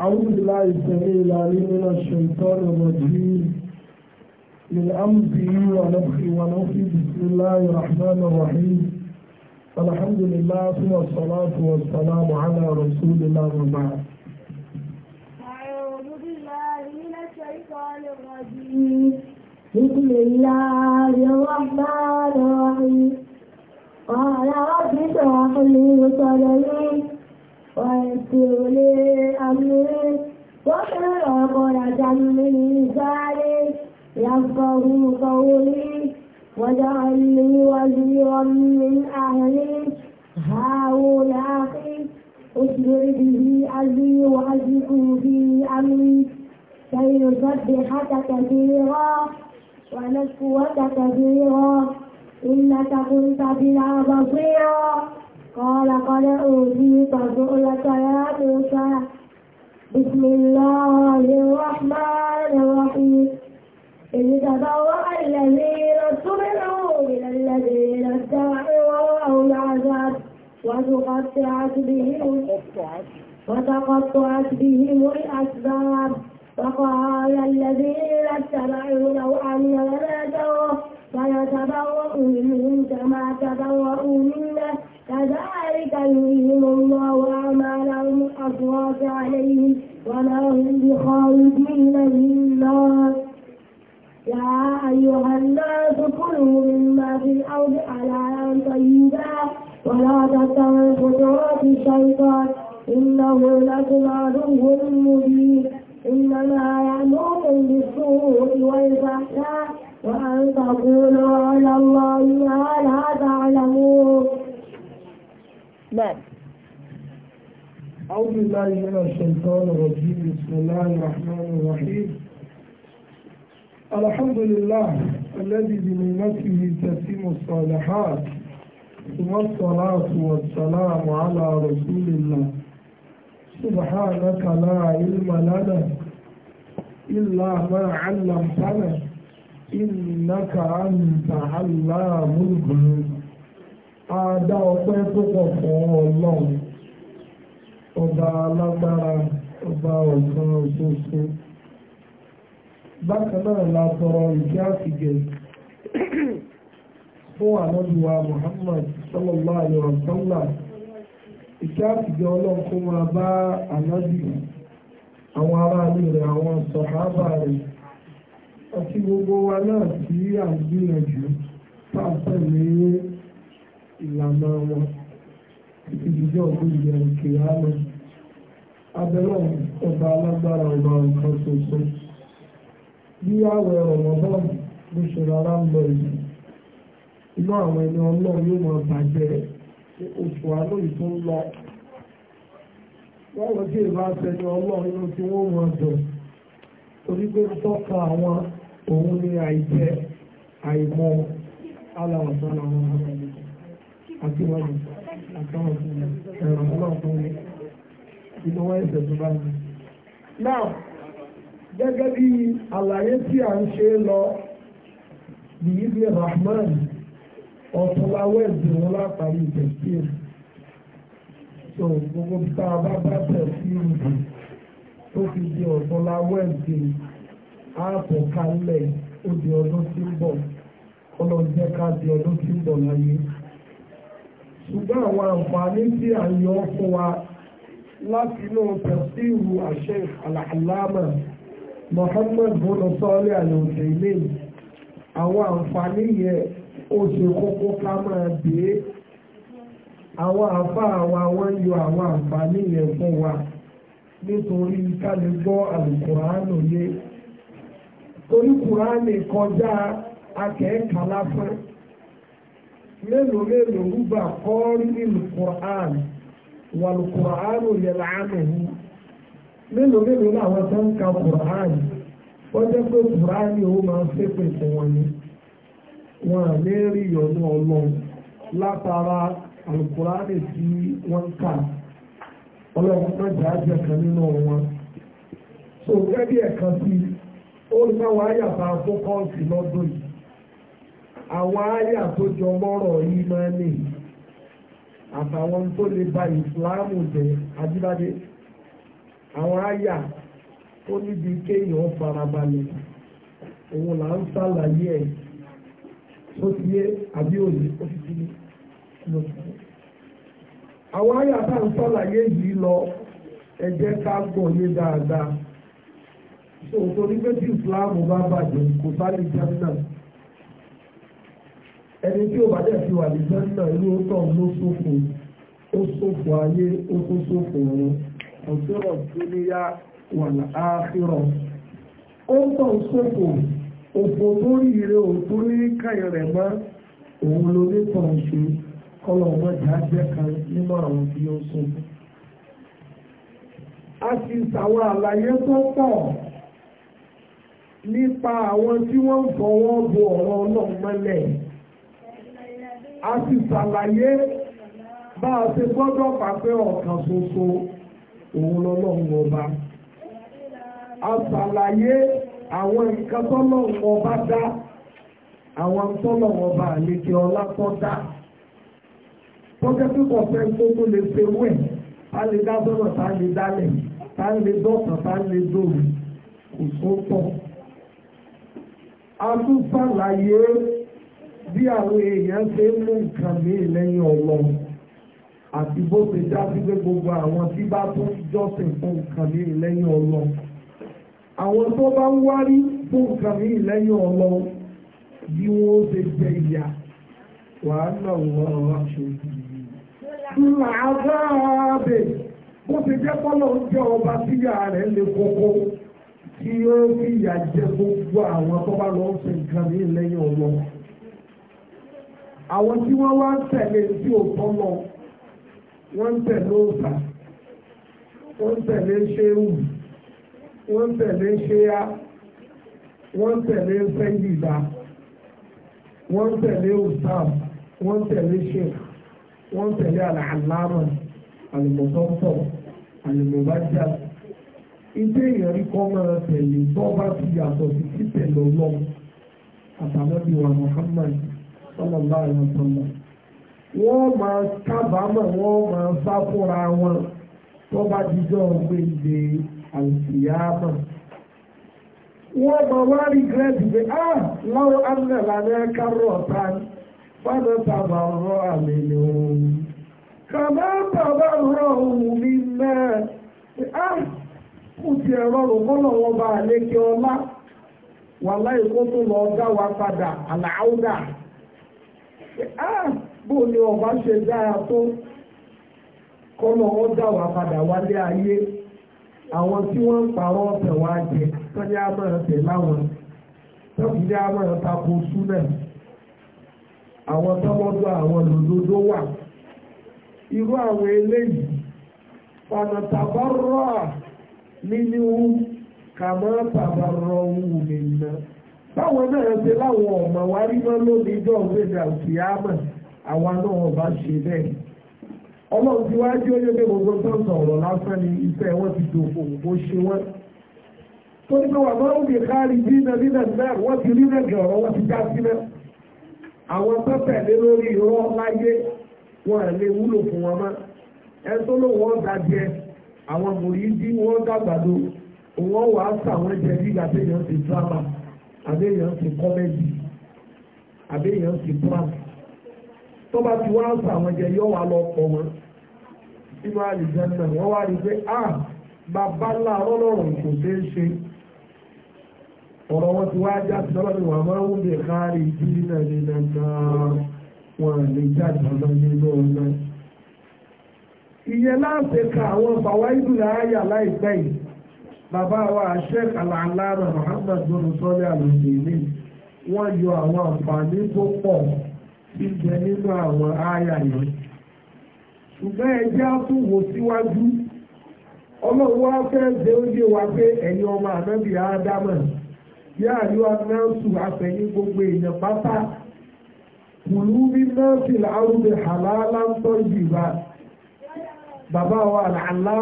أعوذ بالله السميع العليم من الشيطان الرجيم من أمره ونفخه ونفخه بسم الله الرحمن الرحيم الحمد لله ثم الصلاة والسلام على رسول الله وبعد أعوذ بالله من الشيطان الرجيم بسم الله الرحمن الرحيم قال رب اشرح لي صدري ويسر لي أمري وقرأ قرة من لساني يفقه قولي واجعل لي وزيرا من أهلي هارون أخي أشبر به أبي وأشركه في أمري كي نسبحك كثيرا ونشكرك كثيرا إنك كنت بنا بصيرا قال قد أوتيت سؤلك يا موسى بسم الله الرحمن الرحيم إذ تبوأ الذين اتبعوا من الذين اتبعوا ورأوا العذاب وتقطعت بهم وتقطعت بهم الأسباب وقال الذين اتبعوا لو أن لنا دور فيتبوأ منهم كما تبوأ الشيطان الرجيم بسم الله الرحمن الرحيم الحمد لله الذي بنعمته تتم الصالحات ثم الصلاة والسلام على رسول الله سبحانك لا علم لنا إلا ما علمتنا إنك أنت علام الغيوب Adá ọpẹ́ tó pọ̀ ọba alágbára ọba ọ̀sán ṣoṣo bákan náà la tọrọ ìkí àfìgẹ̀ fún ànábìwá Muhammad sallallahu alaihi wa sallam ìkí àfìgẹ̀ ọlọ́run kó máa bá ànábì àwọn aráàlú rẹ̀ àwọn sọ̀hábà rẹ̀ àti gbogbo wa náà tí à ń gbìyànjú ìlànà wọn títí jíjọ́ ògbó abẹ́rẹ́ ọba alágbára ọba nǹkan ṣoṣo bí àwẹ̀ ọ̀rọ̀mọ́bọ̀n ló ṣe rárá ń lọ yìí inú àwọn ẹni ọlọ́run yóò máa bàjẹ́ oṣù àánú ìtò ń lọ wọ́n wọ́n ọlọ́run inú tí wọ́n torí pé tọ́ka àwọn òun ìnáwó ẹ̀sẹ̀ tó bá ní. now gẹ́gẹ́ bí àlàyé tí à ń ṣe lọ bìyìbí rahman ọ̀túnláwọ̀ ẹ̀sìn wọn látàrí ìtẹ̀síẹ̀ so gbogbo tá a bá bá tẹ̀síẹ̀ tó fi di ọ̀túnláwọ̀ ẹ̀sìn àpọ̀kálẹ̀ ó di ọdún tí ń bọ̀ ọlọ́jẹ́ ká di ọdún tí ń bọ̀ láyé ṣùgbọ́n àwọn àǹfààní tí à ń yọ fún wa láti inú tẹ̀síwù àṣẹ àlàlámà Mohamed bọ́lá sọ́ọ́lẹ̀ àlọ́ọ̀dẹ̀ ilé àwọn àǹfààní yẹn ó ṣe kókó ká máa dé àwọn àfa àwọn àwọn yọ àwọn àǹfààní yẹn fún wa nítorí ká lè gbọ́ àlùkùránù yé torí kùránì kọjá akẹ́kọ̀ọ́ lásán mélòó mélòó rúbà kọ́ rí ìlú wàlùkùránù yẹ̀láàmùhù mélòó mélòó láwọn tó ń ka kùránù wọ́n jẹ́ pé kùránù ó máa ń ṣépè fún wọn ni wọn à lè rí ìyọ̀nù ọlọ́run látara alùkùránù tí wọ́n ń kà ọlọ́run náà jẹ́ àjẹ́ kan nínú wọn. so gẹ́gẹ́ ẹ̀kan sí ó ní káwọn àyàfà fókọ́ọ̀sì lọ́dún yìí àwọn àyà tó jọ mọ́rọ̀ yìí máa ń àtàwọn tó lè ba ìsìláàmù jẹ́ ajíbádé àwọn àyà tó níbi kéèyàn farabalẹ̀ òun là ń sàlàyé ẹ̀ tó ti yé àbí òní ó ti ti ní lọ́sọ̀rọ̀ àwọn àyà tá ń sàlàyé yìí lọ ẹ jẹ́ ká gbọ́ yé dáadáa so torí pé tí ìsìláàmù bá bàjẹ́ kò sáré jẹ́ náà ẹni tí ó bá dẹ̀ fi wà ní jẹ́nà inú tọ̀ ló ṣòfò ó ṣòfò ayé ó tó ṣòfò ọ̀run ọ̀sẹ̀rọ̀ tó níyà wà láàfírọ̀ ó ń tọ̀ ṣòfò òfò tó rí ire òtún rí káyọ̀ rẹ̀ mọ́ òun ló ní tọ̀ ṣe kọ́lọ̀ wọn jà jẹ́ kan nínú àwọn tí ó ṣòfò. a ti ṣàwọn àlàyé tó pọ̀ nípa àwọn tí wọ́n fọwọ́ bo ọ̀rọ̀ ọlọ́run mọ́lẹ̀ yìí a sì ṣàlàyé bá a ṣe gbọ́dọ̀ pàpẹ́ ọ̀kan ṣoṣo òun lọ́lọ́run ọba a ṣàlàyé àwọn nǹkan tọ́lọ́run ọba dá àwọn tọ́lọ́run ọba àlejò ọlá tó dá tọ́jẹ́ pípọ̀ fẹ́ tó tó lè ṣe wẹ̀ tá lè dá sọ́nà tá lè dálẹ̀ tá lè dọ́kàn tá lè dòrò kò tó tọ̀ a tún ṣàlàyé bí àwọn èèyàn ṣe ń mú nǹkan míì lẹ́yìn ọlọ́run àti bó ṣe já sí pé gbogbo àwọn tí bá tún jọ́sìn fún nǹkan míì lẹ́yìn ọlọ́run àwọn tó bá ń wárí fún nǹkan míì lẹ́yìn ọlọ́run bí wọ́n ṣe jẹ ìyà wàhálà wọ́n aṣọ ìdílé. ńlá adáàbẹ̀ bó ṣe jẹ́ pọ́lọ̀ ń jẹ́ ọba síyà rẹ̀ lè kókó tí ó fi ìyà jẹ gbogbo àwọn tó bá lọ́ọ́ ṣe nǹkan míì lẹ́yìn ọlọ́run àwọn tí wọ́n wá ń tẹ̀lé tí ò tọ́lọ wọ́n ń tẹ̀lé òòsà wọ́n ń tẹ̀lé ṣéwù wọ́n ń tẹ̀lé ṣéyá wọ́n ń tẹ̀lé sẹ́ńdìdá wọ́n ń tẹ̀lé òsàm wọ́n ń tẹ̀lé ṣèkà wọ́n ń tẹ̀lé àlàámà àlùmọ̀tọ́tọ̀ àlùmọ̀bájá ilé ìyẹn kọ́ máa tẹ̀lé tó bá ti yàtọ̀ sí títẹ̀lé ọlọ́run àtàlọ́bí wa Muhammad sọ́nà báyìí sọ́nà wọ́n máa kábàámọ̀ wọ́n máa fúnra wọn tó bá jíjọ́ gbèǹde àìsíyáàmọ̀ wọ́n máa wá rí gírẹ́dì pé á láwọn amúnà lànà kárọ̀ ọ̀tá fáná tàbà ọ̀rọ̀ àmì ni òun kàmá tàbà ọ̀rọ̀ òun mi náà á kù ti ẹ̀rọ rògbọ́nà wọn bá ọlá dá wa padà àlàáúdà. Ah, bó ni ọba ṣe dára tó kọ́nà wọn dà wá padà wálé ayé àwọn tí wọ́n ń parọ́ ọ̀sẹ̀ wá jẹ tọ́jú àmọ̀ràn tẹ̀ láwọn tọ́jú àmọ̀ràn tako súnà àwọn tọ́mọ́dọ́ àwọn lòdòdó wà irú àwọn eléyìí ọ̀nà tàbárọ̀ nínú kàmọ́ tàbárọ̀ wù mí báwọn náà ṣe láwọn ọmọ wa rí mọ́ lórí ìjọ òṣèlú àti àmọ́ àwa náà bá ṣe bẹ́ẹ̀ ọlọ́run ti wá jí oyè pé gbogbo sọ́ọ̀sọ̀ ọ̀rọ̀ lásán ni iṣẹ́ wọn ti dòfò bó ṣe wọ́n tó ní pé wà máa ń bè káàrí bí iná nínà náà wọ́n ti rí rẹ̀gẹ̀ ọ̀rọ̀ wọ́n ti já sílẹ̀ àwọn pẹ́pẹ̀lé lórí irọ́ láyé wọn ẹ̀ lè wúlò fún wọn mọ́ ẹ tó ló wọ́n da jẹ àwọn mòrí dí wọ́n dàgbàdo òun wàá sàwọn jẹ bí gàdéyàn ti sábà àbẹ́yàn ti kọ́mẹ́dì àbẹ́yàn ti prank tó bá ti wá sọ àwọn jẹ yọ wà lọ pọ̀ wọn nínú àlìjẹ́nà wọ́n wá rí pé a ah, bàbá ńlá ọlọ́run kò ṣe é ṣe ọ̀rọ̀ wọn ti wá já sí ọlọ́run wà máa ń bè kárí ìdílé náà ní dandan wọn lè jáde ọ̀nà nínú ọ̀nà ìyẹn láǹṣe ka àwọn bàwá ìdúrà ayà láìpẹ́ yìí bàbá wa sheikh alàlámà Muhammad bin sọ́lẹ̀ àlùfèlè wọ́n yọ àwọn àǹfààní tó pọ̀ ti jẹ nínú àwọn àyà yìí ṣùgbọ́n ẹjẹ́ á tún wò síwájú ọlọ́run wá fẹ́ ṣe oúnjẹ wa pé ẹ̀yin ọmọ ànábì ádámà yá àyọ anáṣù àfẹ̀yìn gbogbo èèyàn pátá kùlú bí nọ́ọ̀sì làárùbẹ̀ hàlálà ń tọ́jú ìbá bàbá wa àlámà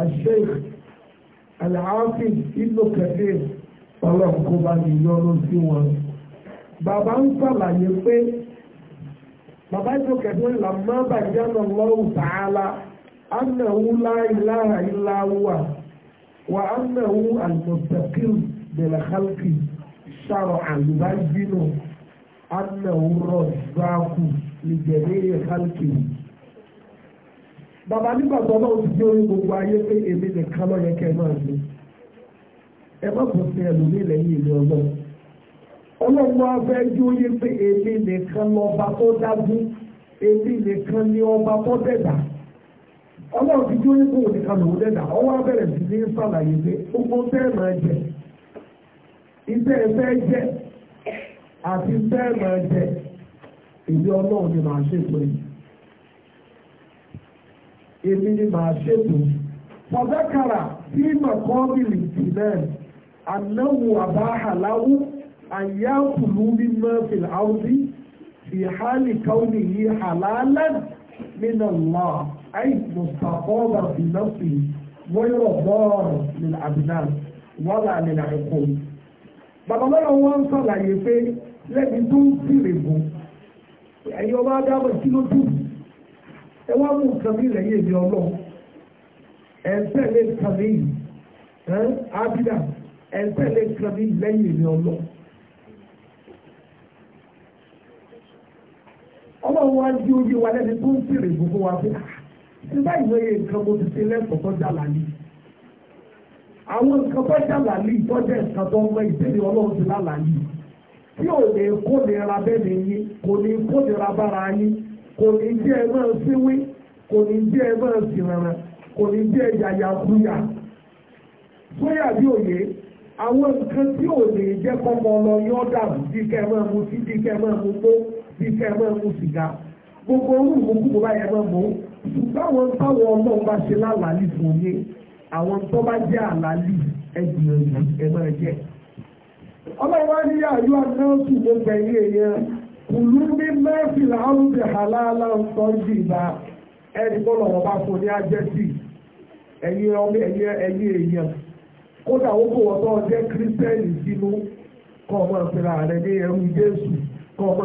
àṣeyìk àlàáfíì ìlú kẹfẹ ọlọ́run kó bá ní yọrọ sí wọn. bàbá ń sàlàyé pé bàbá ìlú kẹfẹ làmọ́ bàjẹ́ náà lọ́rùn tààlà annahu la ilaha illa huwa wa annahu al-mustaqim bil khalqi shar'an yubayyinu annahu razzaqu li jami'i khalqihi. Baba nígbà tó gbogbo ayé pé èmi nìkan ló yẹ si elu nile lò ẹ má kò sí ẹlòmíì lẹ́yìn ìlú ọlọ́run ọlọ́run wa fẹ́ jó yé pé èmi nìkan lọ́ba tó dájú èmi nìkan ọba tó nìkan ní sàlàyé pé gbogbo máa èmi ni màá ṣètò fọ̀dákàrà sí màkọ́bìlì tìlẹ̀ ànáwó àbáhàláwó àyàkùlù mímọ́ fìlàwùdí fi hálì káwùnì yìí hàlálẹ́ nínú lọ àì mùsàkọ́bà fìlọ́fì wọ́yọ̀ bọ́ọ̀rù nílẹ̀ àbínà wọ́lá nílẹ̀ àìkú. babaláwo wọn sọ̀làyé pé lẹ́ni tó ń fìrè bù ẹ̀yọ́ bá dábọ̀ kí ló ẹ wá mú nǹkan bí lẹ́yìn èdè ọlọ́run ẹ̀ ń tẹ̀lé nǹkan bí yìí ẹ̀ ábídà ẹ̀ ń tẹ̀lé nǹkan bí lẹ́yìn wá wa lẹ́ni tó ń gbogbo wa pé ah, ṣé báyìí wọ́n yẹ nǹkan mo ti ṣe lẹ́kọ̀ọ́ tó lálẹ́ àwọn nǹkan kò ní jẹ́ ẹ máa síwí kò ní jẹ́ ẹ máa sì rárá kò ní jẹ́ yàyà kúyà sóyà bí òye àwọn nǹkan tí ò lè jẹ́ kọ́kọ́ lọ yọ́ dàbí bí kẹ́ ẹ máa mu sí bí kẹ́ ẹ máa mu tó bí kẹ́ ẹ máa mu sìgá gbogbo orú ìmúkúmọ̀ báyẹn máa mú ṣùgbọ́n àwọn táwọn ọlọ́run bá ṣe lálàálì fún yé àwọn tó bá jẹ́ àlàálì ẹgbìyànjú ẹ máa ọlọ́run wá ní àyọ̀ àdáńtù gbogbo ẹ̀yẹ yẹn kùlú ndị mẹ́fìlà áwùjẹ àlàálà ọ̀tọ̀ ìdìbà ẹni bọ́lọ̀ wọn bá fún ní ọmọ ẹ̀yẹ ẹ̀yẹ èèyàn kódà ó kò wọ́n tó sínú kọ́ ọmọ ìfìlà ààrẹ ní ẹrú jésù ọmọ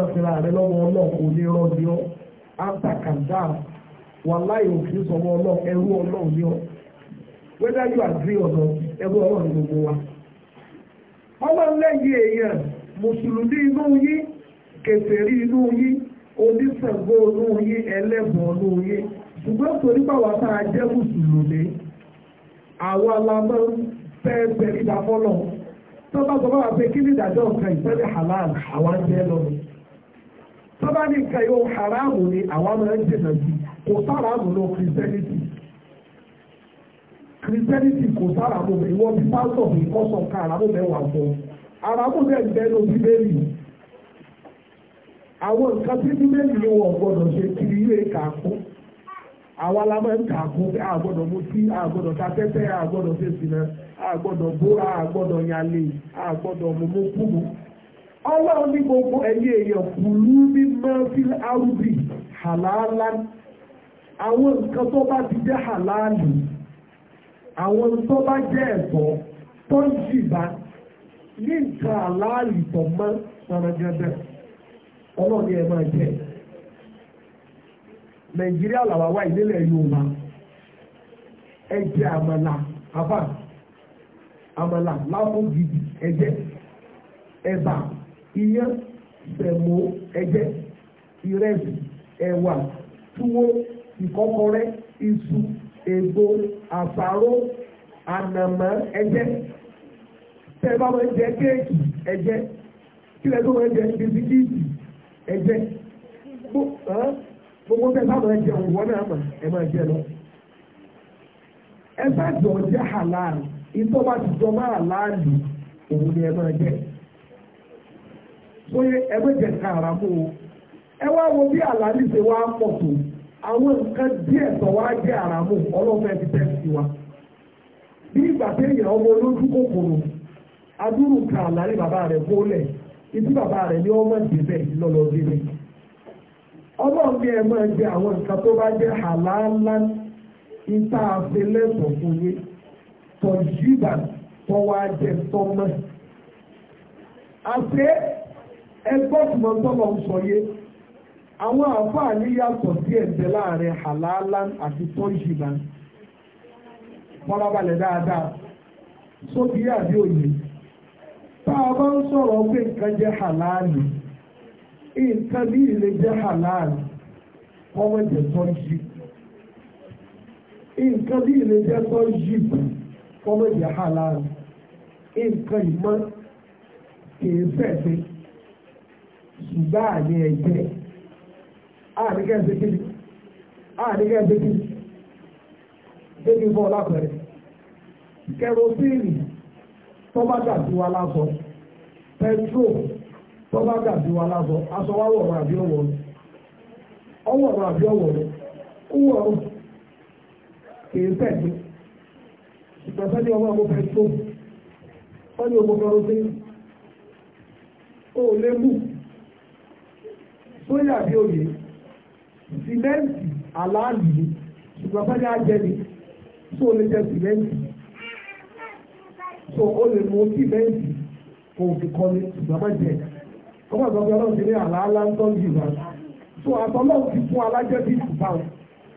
òfin ẹrú ẹrú mùsùlùmí inú kèfèrí inú yín oníṣàngó inú yín ẹlẹ́bọ̀ inú yín ṣùgbọ́n torí báwa tá a jẹ́ mùsùlùmí àwa la máa ń fẹ́ bẹ̀rẹ̀ ìdáfọ́lọ̀ tó bá sọ báwa pé kí ni ìdájọ́ nǹkan ìfẹ́lẹ̀ halal àwa jẹ́ lọ́nà tó bá ní nǹkan yóò haramu ni àwa máa ń dènà sí kò sára mú lọ kìrìsẹ́nìtì kìrìsẹ́nìtì kò sára mú ìwọ bí pásọ̀ mi kọ́sọ̀ ká àràmú mẹ́wàá fún àràmú mẹ́ẹ̀ẹ́dẹ́gbẹ̀rún bíbélì àwọn nǹkan tí bíbélì ló wọ̀ gbọ́dọ̀ ṣe kiri ilé kàkún àwa la ń kàkún pé a gbọ́dọ̀ ta tẹ́tẹ́ a gbọ́dọ̀ ṣe sìnà a gbọ́dọ̀ bóra kúrú. ní gbogbo ẹ̀yẹ èèyàn kùlú bí àwọn nǹkan tó bá ti jẹ́ àwọn tó bá jẹ́ ọlọ́ọ̀ni ẹ̀ máa jẹ́ nàìjíríà làwa wá ìdílé yorùbá ẹ jẹ àmàlà àbá àmàlà láàbò gidi ẹ jẹ ẹ̀bà iyán sẹ̀mó ẹ jẹ ìrẹsì ẹ̀wà túwó ìkọ́kọrẹ́ iṣu ègbò àsáró ànàmọ́ ẹ jẹ tẹ bá wọn jẹ kéèkì ẹ jẹ kílẹ̀ tó wọn jẹ bisikíìtì. ẹgbẹ́ gbogbo bẹ́ẹ̀ bá wọn náà mà ẹ máa jẹ lọ. halal ìtọ́ bá ti òun ni ẹ máa jẹ. jẹ kàrà mú o ẹ wá wo bí ṣe wá pọ̀ tó àwọn nǹkan díẹ̀ tó wá jẹ́ àràmù ọlọ́fẹ́ ti tẹ̀ sí wa. bí ìgbà ọmọ olójú kòkòrò adúrú bàbá ibi bàbá rẹ̀ ní ọmọ ìdíbẹ̀ lọ́lọ́ bíbí ọmọ bí ẹ máa jẹ àwọn nǹkan tó bá jẹ́ àlàálá ìta àfẹlẹ́sọ̀ fún yín tọ̀júbà tọwọ́ ajẹ́ tọ́mọ́ àṣẹ ẹgbọ́n tí mo tọ́lọ̀ ń sọ yé àwọn àǹfààní yàtọ̀ sí ẹ̀jẹ̀ láàrin àlàálá àti tọ́júbà fọ́nrabalẹ̀ dáadáa tá a bá ń sọ̀rọ̀ pé nǹkan jẹ́ halali nǹkan bí ilé jẹ́ halali ọmọ jẹ́ tọ́jú nǹkan bí ilé jẹ́ tọ́jú ọmọ jẹ́ halali nǹkan ìmọ̀ kìí fẹ̀fẹ̀ ṣùgbọ́n àní ẹ̀jẹ̀ àríkẹ́sẹ̀ kìí kẹrosíìnì tó bá gà sí wa lásọ pẹtró tó bá gà sí wa lásọ aṣọ wa wọ̀rọ̀ àbí ọ̀wọ̀ ni ọwọ̀rọ̀ àbí ọ̀wọ̀ ni kú wọ̀rọ̀ kìí pẹ̀lú ìtọ́sẹ́ ní ọmọ ọmọ pẹtró wọ́n ní ọmọ ọmọ ọdún ó lébù sóyà bí òye sìmẹ́ǹtì aláàlì ṣùgbọ́n ní ajẹ́ni tó lè jẹ sìmẹ́ǹtì so ó lè mú sí bẹ́ẹ̀dì kò fi kọ́lé ṣùgbọ́n má jẹ ọmọ ìgbàgbọ́ ọlọ́run ti ní àlàálá ń tọ́jú ìwà so àtọ́lọ́run ti fún alájẹ́bí ìfúnpá wọn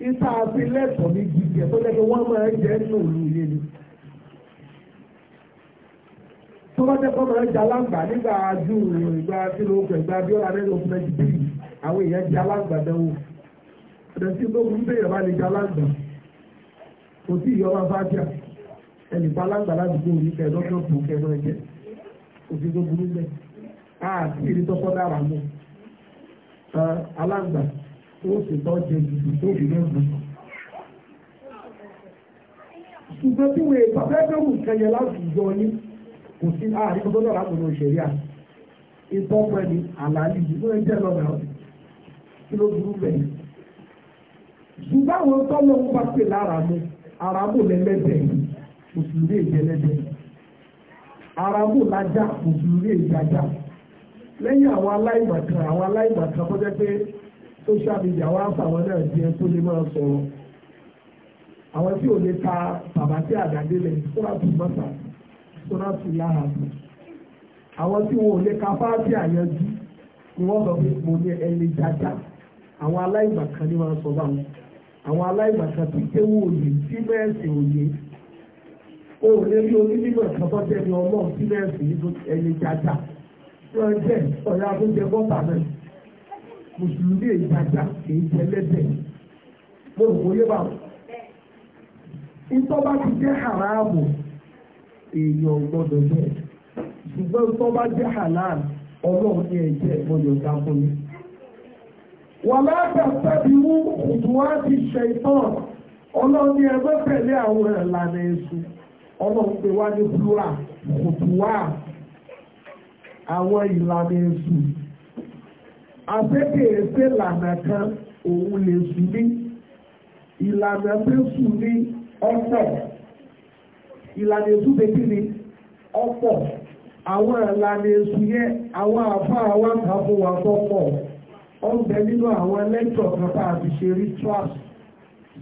ìta àti lẹ́tọ̀ọ́ ní jíjẹ tó lẹ́gbẹ̀ẹ́ wọ́n máa ń jẹ́ ní òru ilé ni tó bá jẹ́ kọ́ máa ń jẹ alágbà nígbà ju ìgbà kíló ìgbà bí ọ̀rọ̀ alẹ́ ló fún ẹjì bíi àwọn èèyàn jẹ alágbà dánwò ẹ̀dẹ̀ tí ló ń bèèrè bá lè jẹ alágbà kò sí ìyọ́ máa ẹnìkan alágbàlá àdúgbò yìí kẹ lọ́dọ̀ tó kẹ mọ́ ẹ̀jẹ̀ òfin tó burú bẹ́ẹ̀ àti èrè tọ́kọ́ dára mọ́ alágbà tó sì tọ́ jẹ jù tó fi lẹ́gbẹ̀ẹ́ ṣùgbọ́n tí wọ́n èèpà fẹ́ bẹ́ẹ̀ wù kẹyẹ láwùjọ yín kò sí àárín gbogbo náà lágbọ̀nà òṣèré à ìtọ́pẹ́ ni àlàálì yìí ló ń jẹ́ lọ́nà kí ló burú bẹ́ẹ̀ ṣùgbọ́n àwọn tọ́lọ́ ń bá pè lára mi àràbò lẹ́lẹ́bẹ̀ẹ́ yìí mùsùlùmí ìjẹlẹ́dẹ́ aramu lajà mùsùlùmí ìjàjà lẹ́yìn àwọn aláìmọ̀kan àwọn aláìmọ̀kan kọjá pé social media wá fáwọn náà jẹ tó lè máa sọ̀rọ̀ àwọn tí ò lè ta bàbá tí àdàdé àwọn tí wọn ò lè ka fáàtì àyànjú ni àwọn ni máa sọ báwọn àwọn tí kéwù òye tí mẹ́ẹ̀sì òye. òun lè rí onímọ̀ ìjọba jẹ́ ní tí ẹni jaja wọ́n jẹ́ ọ̀yà tó jẹ bọ́tà mùsùlùmí èyí jaja kìí lẹ́sẹ̀ mo rò bá wọn. ìtọ́ba ti jẹ́ haramu èèyàn gbọ́dọ̀ jẹ́ ṣùgbọ́n ìtọ́ba jẹ́ halal ọlọ́run ọlọ́run pé wá ní flora kòtò wá àwọn ìlànà èṣù àfẹ́kẹ̀ èsè lànà kan òun lè sùn ní ìlànà tó sùn ní ọ̀pọ̀ ìlànà èṣù bèbí ni ọ̀pọ̀ àwọn ìlànà èṣù yẹn àwọn àfa àwọn àkàfọ̀ wà tọ́pọ̀ ọ̀bẹ nínú àwọn lẹ́tọ̀ kan tá a fi ṣe rituals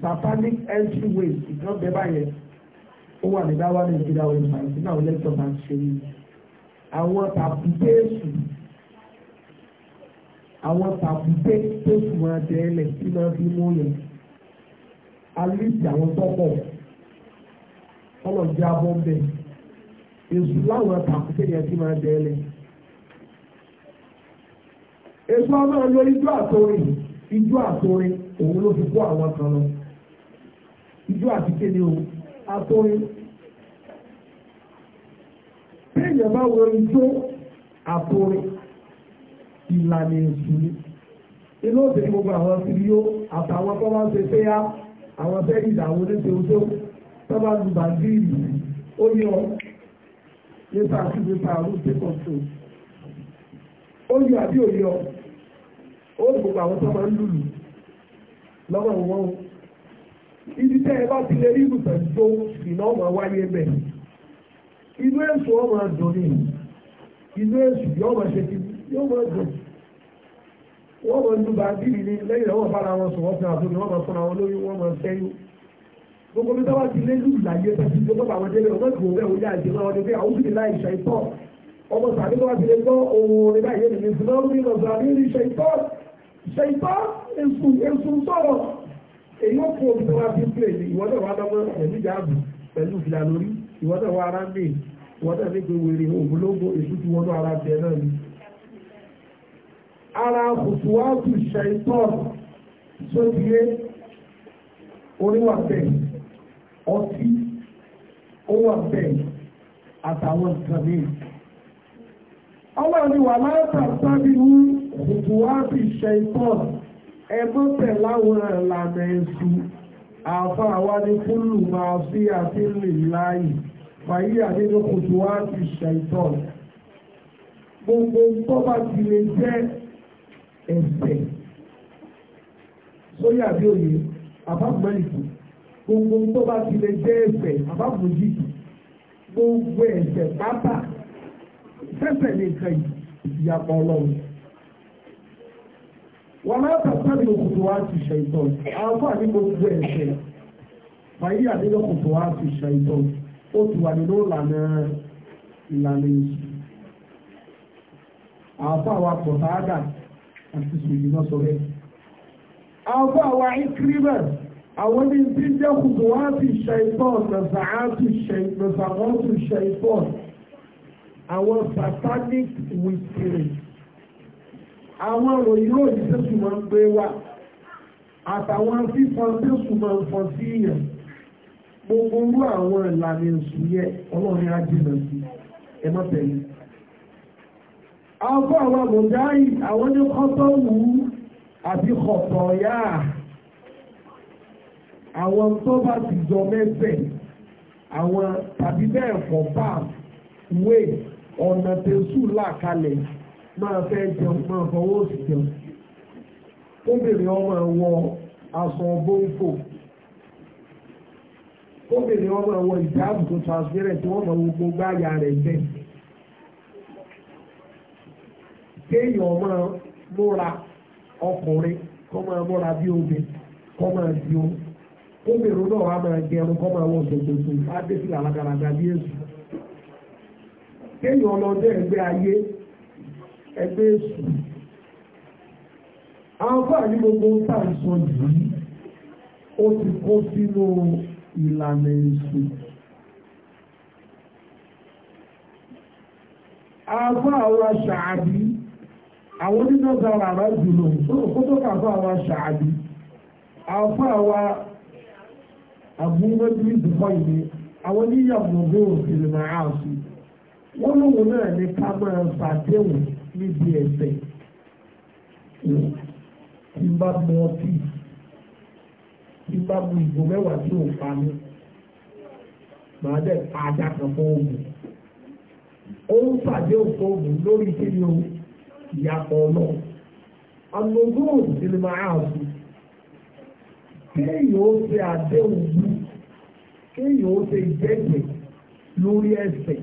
satanic entry ways ìkan bẹ́ẹ̀ báyẹn ó wà ní dáwà ní ìdílé àwọn ìmọ̀ àti náà lẹ́tọ̀ máa ń ṣe é àwọn tàbùté èṣù àwọn tàbùté tó sì máa jẹ ẹlẹ̀ tí máa fi mú yẹn alíìsì àwọn tọ́pọ̀ ọlọ́jà bọ́m̀bẹ̀ èṣù láwọn tàbùté yẹn tí máa jẹ ẹlẹ̀ èṣù ọmọ lórí ijó àtòrin ijó àtòrin òun ló fi kó àwọn kan lọ ijó àti kéde òun àtọrin téèyàn bá wọ ijó àtọrin ìlànà èsù ni inú òsè ní gbogbo àwọn ti yó àtàwọn tó bá ń ṣe fẹ́yà àwọn fẹ́ ìdá àwọn oníṣẹ́ oṣó tó bá lu bàndíìlì ó ní ọ nípa àti nípa àrùn tí kò tó ó yọ àbí òye ọ ó gbogbo àwọn tó máa ń lùlù lọ́wọ́ ìwọ́n ibi tẹ́ ẹ bá ti lè rí ibùsọ̀ tó ìná ọmọ wáyé bẹ̀. inú èso ọmọ dùn ni inú èso yóò máa ṣe kíbi yóò máa dùn. wọ́n máa ń dùbà bíbí ni lẹ́yìn náà wọ́n fara wọn sùn wọ́n fi àtúnni wọ́n máa fúnra wọn lóyún wọ́n máa sẹ́yún. gbogbo bí táwa ti lé lù láyé tó ti tó bá wọn délé ọmọ ìgbòho rẹ̀ òye àjẹ́ máa wọn ni pé àwọn òbí láì ṣe ìtọ́ ọmọ sàbí tó wá ti lè gbọ́ ohun orin báyìí ní ìsinmi ọ̀rọ̀ mi lọ sàbí ní ṣe ìtọ́ ṣe ìtọ́ èsùn èsùn sọ̀rọ̀ èyí ó fún omi tó wá fi ń pè ní ìwọ́dọ̀ wá lọ́mọ pẹ̀lú ìjáàbù pẹ̀lú ìfìlà lórí ìwọ́dọ̀ wá ara ń bè ìwọ́dọ̀ ní pé wèrè ògbólógbò èso ti wọnú ara jẹ náà ni. ara kòtò wá tù ṣe ìtọ́ sóbìyẹ oníwà bẹ́ẹ̀ ọtí ó wà bẹ́ẹ̀ àtàwọn nǹkan mìíràn. ọlọ́run ni wà látàtàbí wú kòtò wá tù ṣe ìtọ́ ẹgbọ́n tẹ̀ láwọn ìlànà ẹ̀sù àfa àwa ní fúlù máa sí àti lè láàyè fàyí àdínú kòtò wá ti ṣàìtọ́ gbogbo tó bá ti lè jẹ́ ẹ̀sẹ̀ sórí àbí òye àbámọ́lìkù gbogbo tó bá ti lè jẹ́ ẹ̀sẹ̀ àbámọ́lìkù gbogbo ẹ̀sẹ̀ pátá sẹ́sẹ̀ lè kàn yìí ìyàpọ̀ ọlọ́run wọ́n máa tàbí òkùtù wá ti ṣe ìtọ́ àwọn fún àdínkù gbogbo ẹ̀ṣẹ̀ wáyé àdínkù òkùtù wá ti ṣe ìtọ́ ó ti wà nínú ìlànà ìlànà èṣù àwọn àwọn pọ̀tàádà àti ṣùgbọ́n sọ rẹ̀ àwọn àwọn ìkírímẹ̀ àwọn ní tí ń jẹ́ òkùtù wá ti ṣe ìtọ́ nàṣàkọ́ ti ṣe ìtọ́ àwọn satanic whisperings àwọn ròyìn òjì tó sì máa ń gbé wà àtàwọn fífọn tó sì máa ń fọn sí ìyàn gbogbo orú àwọn ìlànà èṣù yẹ ọlọ́run á jìnà sí ẹ má tẹ̀lé àwọn àwọn àbòdáyì àwọn ní kọ́tọ́ wù ú àti kọ̀tọ̀ yá àwọn tó bá ti jọ mẹ́sẹ̀ àwọn tàbí bẹ́ẹ̀ fọ́ bá wé ọ̀nà tẹ̀sù là máa fẹ́ jẹun máa fọwọ́ òsì jẹun kóbìnrin ọmọ wọ aṣọ bóńfò kóbìnrin ọmọ wọ ìdáàbò tó transparent tí wọ́n mọ gbogbo gbáyà rẹ̀ bẹ́ẹ̀. kéèyàn máa múra ọkùnrin kọ́ máa múra bí obìnrin kọ́ máa di o kóbìnrin náà wà máa gẹrun kọ́ máa wọ ṣòkòtò adé sí làlágàlàgà bí èsù. kéèyàn lọ dé ẹgbẹ́ ayé ẹgbẹ́ èṣù àwọn fún àní gbogbo ń tà ń sọ yìí ó ti kó sínú ìlànà èṣù àwọn àwọn aṣàábí àwọn onídọ́gba rárá jùlọ kó tó kà fún àwọn aṣàábí àwọn àwọn àbúrò ní ìdúkọ ìlú àwọn oníyàwó gbòòrò ìrìnà àásù wọn lóun náà ní ká máa ṣàdéhùn níbi ẹ̀sẹ̀ tí n bá mu ọtí tí n bá mu ìgò mẹ́wàá tí ò pa mí màá dẹ̀ pa ajá kan fún oògùn ó ń pàdé òkú oògùn lórí kíni o ìyàpọ̀ ọlọ́run àlọ́gbọ́n òsèlè máa hàn sí kéèyàn ó ṣe àdéhùn kéèyàn ó ṣe ìjẹ́gbẹ̀ lórí ẹ̀sẹ̀.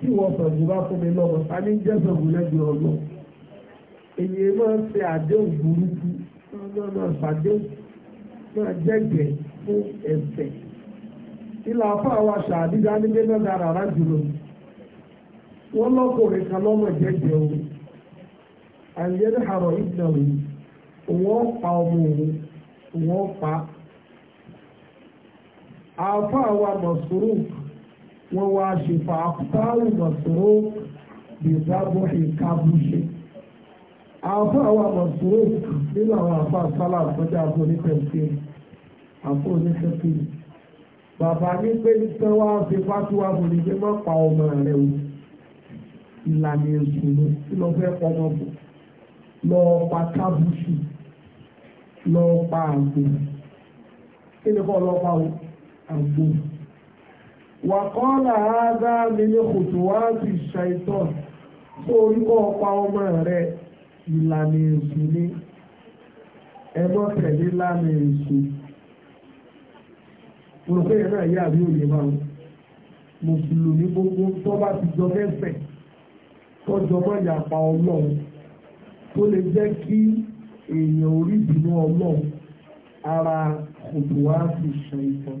tí wọ́n sọ̀rọ̀ bá fún mi lọ́wọ́ ta ní jẹ́sọ̀ gúnlẹ́gbẹ̀ ọlọ́ èyí máa ń ṣe àdéhùn burúkú máa máa ṣàdéhùn máa jẹ́gẹ̀ fún ẹ̀ṣẹ̀ ilà afọ àwọn aṣọ àdídá ní gbé dára rárá jùlọ wọn lọkùnrin kan lọmọ jẹ́gẹ̀ o wọ́n wá ṣe fàáfáàrù mọ̀sòrò bìzábọ̀ ìkàbùṣe àáfáà wa mọ̀sòrò nínú àwọn àáfáà sálà àtọ́jà àbò onífẹ̀ẹ́sì àbò onífẹ̀ẹ́sì bàbá ní pé tán wá ṣe fásiwá fún mi pé má pa ọmọ rẹ o ìlànà èsù ló tí lọ fẹ́ pọ ọmọ bò lọ pa kábùṣe lọ pa àgbò kí ni kọ́ lọ pa àgbò wàkọ́lá ádá nílé kòtòwáàtì ṣàìtàn tó orúkọ ọpa ọmọ rẹ ìlànà èṣù ni ẹgbọ́ tẹ̀lé lánà èṣù olùkọ́ yẹn náà yà bí òye máa mùsùlùmí gbogbo tó bá ti jọ mẹ́fẹ̀ẹ́ tọ́jọ mọ́jà pa ọlọ́run tó lè jẹ́ kí èèyàn orí ìbínú ọlọ́run ara kòtòwáàtì ṣàìtàn.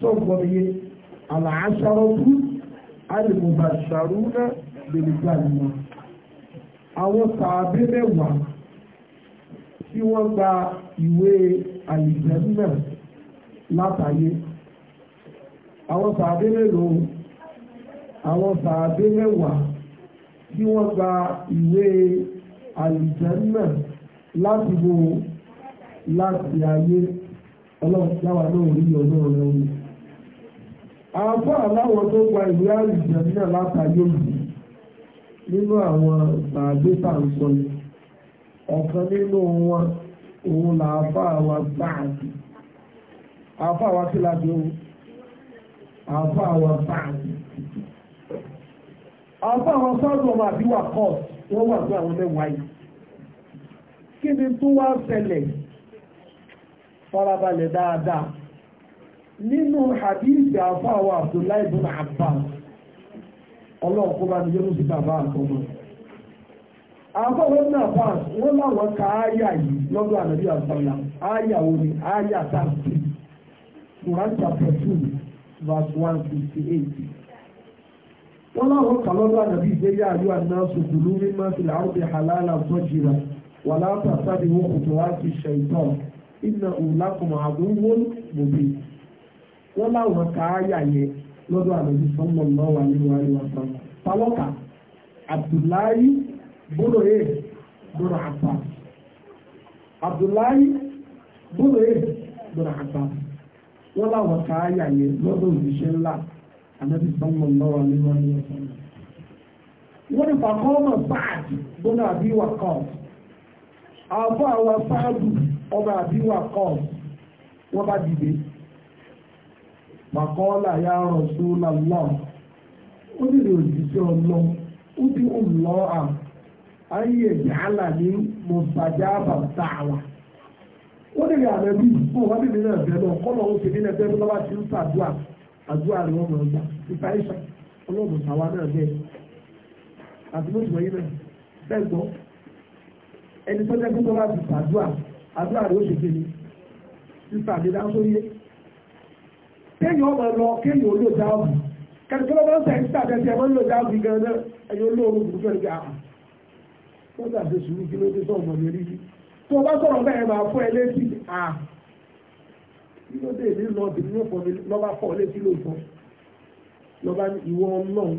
tó gbọ́dọ̀ yé àlàáṣárọ́bù alìmùbàṣàrúnà lèlùgbà nìyàn àwọn sàábé mẹ́wàá tí wọ́n gba ìwé àlìjẹ́nà látàyé àwọn sàábé mélòó àwọn sàábé mẹ́wàá tí wọ́n gba ìwé àlìjẹ́nà láti wo láti ayé ọlọ́run jáwà náà rí ọlọ́run rẹ̀ àbá aláwọ̀ tó gba ìwé àrìjẹ̀ náà látàyè yìí nínú àwọn tàbí tàǹsọ̀ yìí ọ̀kan nínú wọn òun là àbá wa báàdì àbá wa kí láti ó àbá wa báàdì àbá wa sáàdùn ọmọ àbíwá kọ́ọ̀tù wọ́n wà ní àwọn mẹ́wàá yìí kí ni tó wá ṣẹlẹ̀ farabalẹ̀ dáadáa nínú hadithi àfáwà Abdullahi ibn Abbas ọlọ́run kó yóò sì bàbá àtọ́mọ́ àfáwà ibn Abbas wọ́n láwọn ka áyà yìí lọ́dọ̀ ànàbí àtọ́lá áyà orin áyà tàbí Quran chapter two verse one wọ́n láwọn ka lọ́dọ̀ ànàbí ìgbéyà ayọ́ àná sùkúlù mímọ́ sílẹ̀ àrùbí halálà sọ́jìrà wàlá tàbí wọ́n kùtù wá sí ṣẹ̀tọ́ ìnà àdúgbò mòbí. wọ́n láwọn ká àyà yẹn lọ́dọ̀ àbẹ̀bí sọ́mọ̀ náà wà nínú àríwá sọ́mọ̀. Tàlọ́kà Abdullahi Bùrọ̀ E Bùrọ̀ Àpá. Abdullahi Bùrọ̀ E Bùrọ̀ Àpá. Wọ́n láwọn ká àyà yẹn lọ́dọ̀ òṣìṣẹ́ ńlá àbẹ̀bí sọ́mọ̀ náà wà nínú àríwá sọ́mọ̀. Wọ́n ní fàkọ́mọ̀ Sáàdì Bùrọ̀ Àbí kọ́. Àbọ̀ àwọn Sáàdù ọba Àbí kọ́. Wọ́n bá dìde. Fàkọ́ọ́lá ya Rasulullah. Ó nílò òjíṣẹ́ ọlọ́. Ó ti ń lọ à. Ayé ìyáàlá ní Mùsàjáàbà Tààwà. Ó nílò àmì bí fún wa nílò náà bẹ́ẹ̀ lọ. Kọ́lọ̀ ó ti nílẹ̀ bẹ́ẹ̀ lọ́wọ́ ti ń sàdúà. Àdúà rẹ̀ ọmọ ọ̀gbà. Ìta ìṣà ọlọ́run sàwa náà bẹ́ẹ̀. Àti ló sọ yín náà. Bẹ́ẹ̀ gbọ́. Ẹni tó jẹ́ pé tó bá ti sàdúà. Àdúà rẹ̀ ó ṣe kéde. Sísà àdédáńsóyé kéèyàn ọmọ lọ kéèyàn olóò dáàbù kẹ́kẹ́ lọ́wọ́ sẹ́ ní sàtẹ́sẹ́ ẹ̀mọ́ lò dáàbù gan náà ẹ̀yọ́ olóòrùn kùkú fẹ́ẹ́ gbà á ah, wọ́n dà sí sùúrù kí ló dé sọ̀rọ̀ mọ̀lẹ́ rí tó o bá sọ̀rọ̀ bẹ́ẹ̀ máa fọ́ ẹ létí à ah, kí ló dé ní lọ́ọ̀bì ní ọ̀pọ̀ mi lọ́ba fọ́ létí lóòótọ́ lọ́ba ìwọ ọlọ́run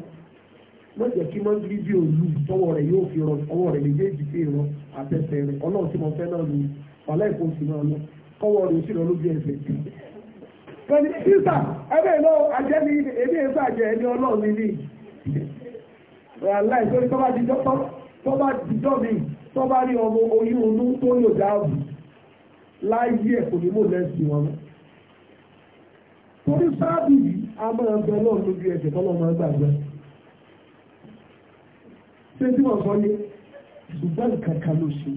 wọ́n jẹ́ kí mọ́ndírí bí òlu tọwọ́ rẹ̀ yóò fi ràn ọwọ́ rẹ̀ méjèèjì fi ràn àtẹ̀sẹ̀ rẹ̀ ọlọ́run tí mo fẹ́ náà lu wàhálà ìkó sí náà lọ kọ́wọ́ rẹ̀ ó kẹ́ni sísà ẹgbẹ́ ìlọ àjẹ́ni èdè ìfẹ́ àjẹ́ ẹni ọlọ́run ní ní aláìsórí tọ́bá dìjọ́ mi tọ́bá rí ọmọ oyún onú tó lò dáàbù láyé ẹ̀ kò ní mò lẹ́sìn wọn torí sáàbù yìí a máa ń bẹ ọlọ́run lójú ẹsẹ̀ tọ́lọ́ máa ń gbàgbẹ́ ṣé tí wọ́n sọ yé ṣùgbọ́n kankan ló ṣe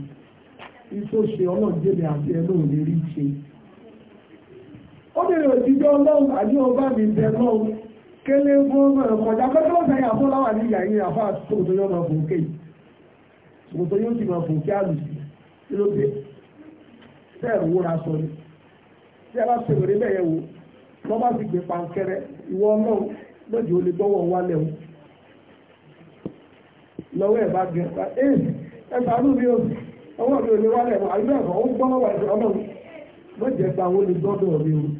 ìtòṣe ọlọ́run jẹ́mi àti ẹ̀ náà lè rí ṣe. ó bèèrè òjìjọ ọlọ́run àjí ọba mi bẹ lọ́run kélé fún ọmọ ẹ̀kọ́jà pẹ́lú ọ̀sẹ̀ yà fún láwà ní tòótọ́ máa fòókè tòótọ́ yóò máa fòókè lóde sọ ni tí a bá sèwèrè bẹ́ẹ̀ wò lọ́ bá sì gbé pankẹrẹ ìwọ ọlọ́run lójú ó lè gbọ́wọ́ lọ́wọ́ ẹ̀ bá gẹ̀ ẹ́ sàánú mi ò ọwọ́ mi ò lè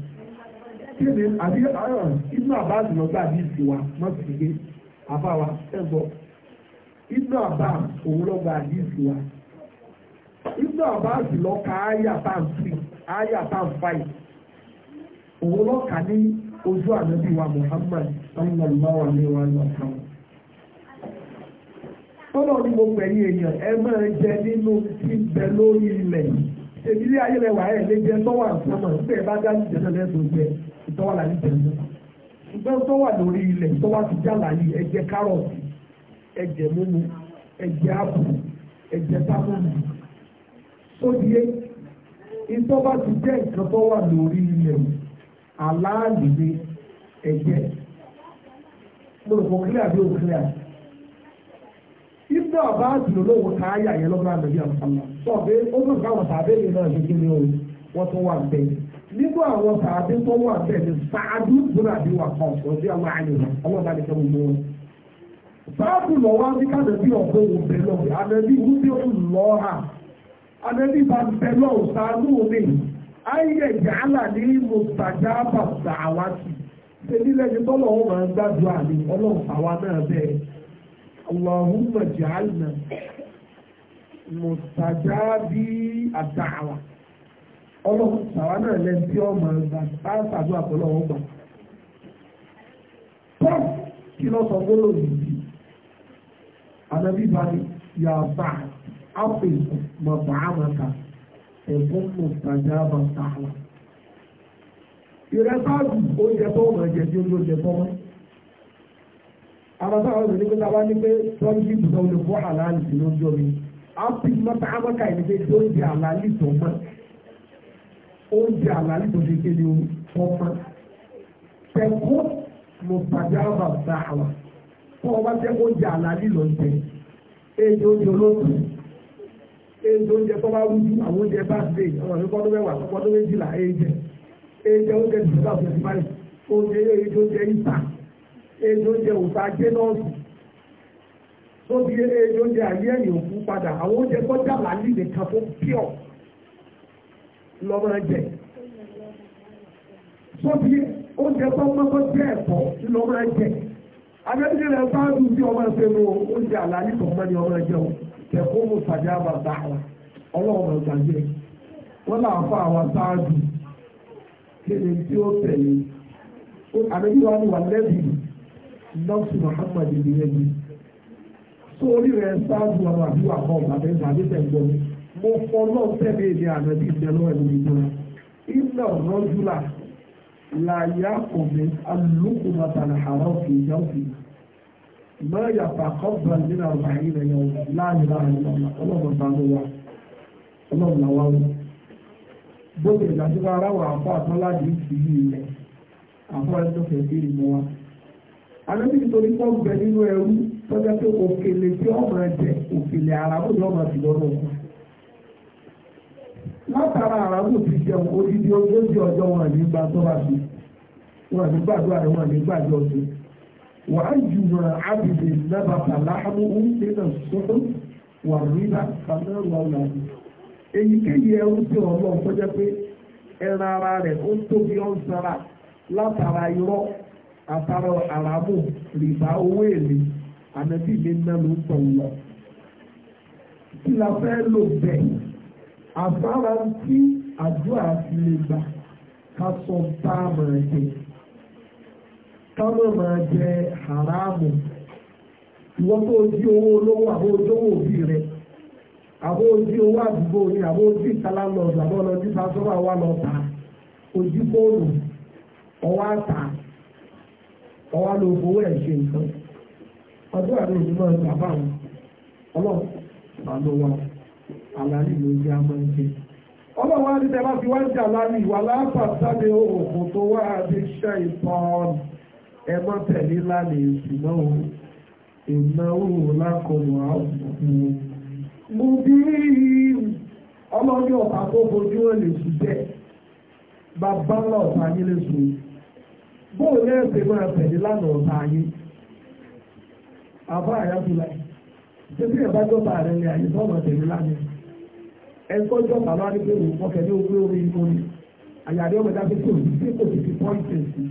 kí ni àbí ibnu abbas lọ gbà ní ìfìwà mọ́sìlẹ̀ àbáwa ẹ̀gbọ́ ibnu abbas òun lọ gbà ní ìfìwà ibnu abbas lọ ka àyà pan three àyà pan five òun lọ kà ní ojú ànábì wa muhammad sallallahu alayhi wa sallam tọ́lọ̀ ní gbogbo ẹ̀yìn èèyàn ẹ máa jẹ nínú tí ń bẹ lórí ilẹ̀ èmi ní ayé rẹwà ẹ̀ lè jẹ tọ́wọ́ àtúnmọ̀ nígbà ẹ bá dá ní ìjẹ́sẹ̀ lẹ́sùn jẹ ìtọ́wà láyé tẹ̀lé ṣùgbọ́n lórí ilẹ̀ tó ti já láyé ẹ̀jẹ̀ kárọ̀tì ẹ̀jẹ̀ múmu ẹ̀jẹ̀ àpò ẹ̀jẹ̀ tábùlù sódìé ìtọ́wà ti jẹ́ nǹkan tó wà lórí ilẹ̀ aláàlú ẹ̀jẹ̀ yẹn lọ́gbọ́n àgbẹ̀bí nínú àwọn sàádé tó wà bẹ́ẹ̀ ni sàádú gbọ́dọ̀ àbí wà kan ọ̀dí àwọn àyẹ̀wò ọlọ́ba ní sẹ́wọ́n mọ́. sáàbù lọ wá sí kánàbí ọ̀gbọ́n òun lọ hà bá ní sí ṣèlú tọ́lọ̀ wọn máa ń ọlọ́run àwa náà bẹ́ẹ̀ ọlọ́run sàwọn náà lẹ́nu tí ọmọ ẹ̀gbà bá ṣàdúrà pẹ̀lú ọwọ́ gbà. pọ́ọ̀ kí lọ sọ gbọ́dọ̀ yìí ànábì bá ní yàrá ápèl mọ̀tà àmàkà ẹ̀fún mọ̀tàjà mọ̀tà àlà. ìrẹsáàbù oúnjẹ tó mọ̀ ẹ̀jẹ̀ tí oúnjẹ tó mọ̀ àbáta àwọn obìnrin pẹ́ta bá ní pé tọ́lùkì ìbùsọ̀ olè àlàálì sí lóúnjẹ mi ápèl mọ̀tà àmàkà ìdíje tó ń oúnjẹ àlàyé tó ṣe kéde ọ̀pọ̀ tẹ̀kọ́ mùsàjáàbà dáhàwà tó ọba jẹ́ oúnjẹ àlàyé lọ jẹ èdè oúnjẹ olóòtú èdè oúnjẹ tó bá rújú àwọn oúnjẹ bá dé ọ̀rọ̀ ní kọ́dún mẹ́wàá tó kọ́dún méjìlá èdè èdè oúnjẹ tìjọba ọ̀sẹ̀ ti báyìí oúnjẹ èdè oúnjẹ ìta èdè oúnjẹ òta jẹ́ nọ́ọ̀sì tó fi oúnjẹ àyẹ̀yẹ̀ òkú padà àwọn oúnjẹ tó lọ́mọ jẹ sọ́bí oúnjẹ tó mọ́kọ́ jẹ́ ẹ̀fọ́ lọ́mọ jẹ abẹ́bí rẹ̀ bá rú bí ọmọ ẹgbẹ́ mú oúnjẹ àlàyé tó mọ́ ọmọ ẹgbẹ́ o kẹ̀kọ́ mú sàdé àbàbà àwọn sáájú kéde tí ó tẹ̀lé àbẹ́bí wa ni wà nọ́ọ̀sì rẹ̀ sáájú àbí wà kọ́ mo fọlọ́ tẹ́lẹ̀ èdè ànábì ìtẹ́lọ́ ẹ̀mí ìjọba iná rọ́júlà láyà kọ̀mẹ́ alùpùpàtàlà àrọ́ kì í jáwé máa yàtà kọ́bà nínú àrùbá yìí yẹn láàyè láàyè ara wà ti yí ilẹ̀ ẹjọ́ kẹ̀kẹ́ ìmọ̀ wa. nítorí nínú ẹrú tọ́jà pé òkèlè tí ọmọ ẹ̀jẹ̀ òkèlè ọmọ ti ọkùnrin. látara àràbù ti jẹun odidi ogójì ọjọ́ wọn nígbà tó bá fi wọn nígbàdúrà rẹ wọn nígbàdúrà sí wà á jùmọ̀ àbìbì lábàtà láhàmú oúnjẹ náà sọ́tọ̀ wà rírà kanáà wà láàbù èyíkéyìí ẹrú tí ọlọ́run tó jẹ́ pé ẹran ara rẹ̀ ó tóbi ó ń sara látara irọ́ àtàrọ àràbù rìbá owó èlé ànábì mi ná ló ń tọ̀ lọ. kí la fẹ́ lò bẹ́ẹ̀ àbára tí àdúrà ti lè gbà ká sọ bá máa jẹ ká má máa jẹ haramu ìwọ́n tó di owó olówó àwọn ojówó òbí rẹ àwọn ojú owó àdúgbò ni àwọn ojú ìtàlá lọ ọ̀dọ̀ àwọn ọlọ́dún bá sọ́wọ́ àwa lọ tà ojú fóònù ọwọ́ àtà ọwọ́ ló fowó ẹ̀ ṣe nǹkan ọdún àrùn ìdúmọ̀ ẹ̀ bàbá wọn ọlọ́run bàbá wọn àlàní ló jẹ́ amọ́ńkẹ́. ọlọ́wọ́ àti tẹ́lá fi wá ń jà lálẹ́ ìwà lápàtàdé òkun tó wá àti ṣe ìtàn ẹgbọ́n tẹ̀lé lálẹ́ ìsìnà òun ìnáwó lákọlù àwọn mo bí ọlọ́dún ọ̀tà tó fojú ẹ̀ lè sùn jẹ́ bàbá ńlá ọ̀tà yín lè sùn bóò ní ẹ̀sẹ̀ máa tẹ̀lé lánàá ọ̀tà yín àbá àyàtúlá ṣé bí ẹ̀bá jọba rẹ̀ lè àyè sọ́ọ̀nà tẹ̀lé lánàá ẹgbọ́jọ́ bàbá rí pé òun fọkẹ́ ní ogún orí inú ni àyàdé ọmọ ìdájọ́ tó ní tí kò sì fi pọ́ǹtì sí.